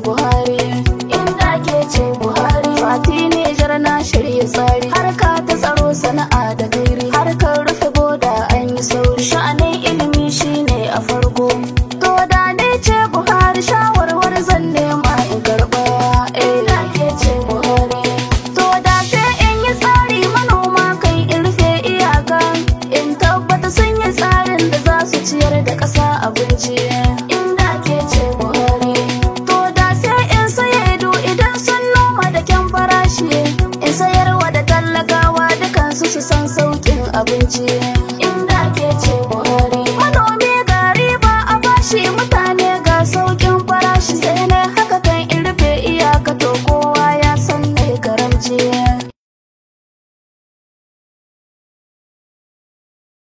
buhari inda ke ce buhari fati jar na shirya tsari harka ta tsaro sana'a da gairi harkar rufe boda an yi sauri sha'anin ilimi shine a farko to da ne ce buhari shawarwar zan nema in karba eh, inda ke ce buhari to da sai in yi tsari manoma kan in rufe iyaka in tabbata sun yi tsarin da za su ciyar da ƙasa abinci yeah.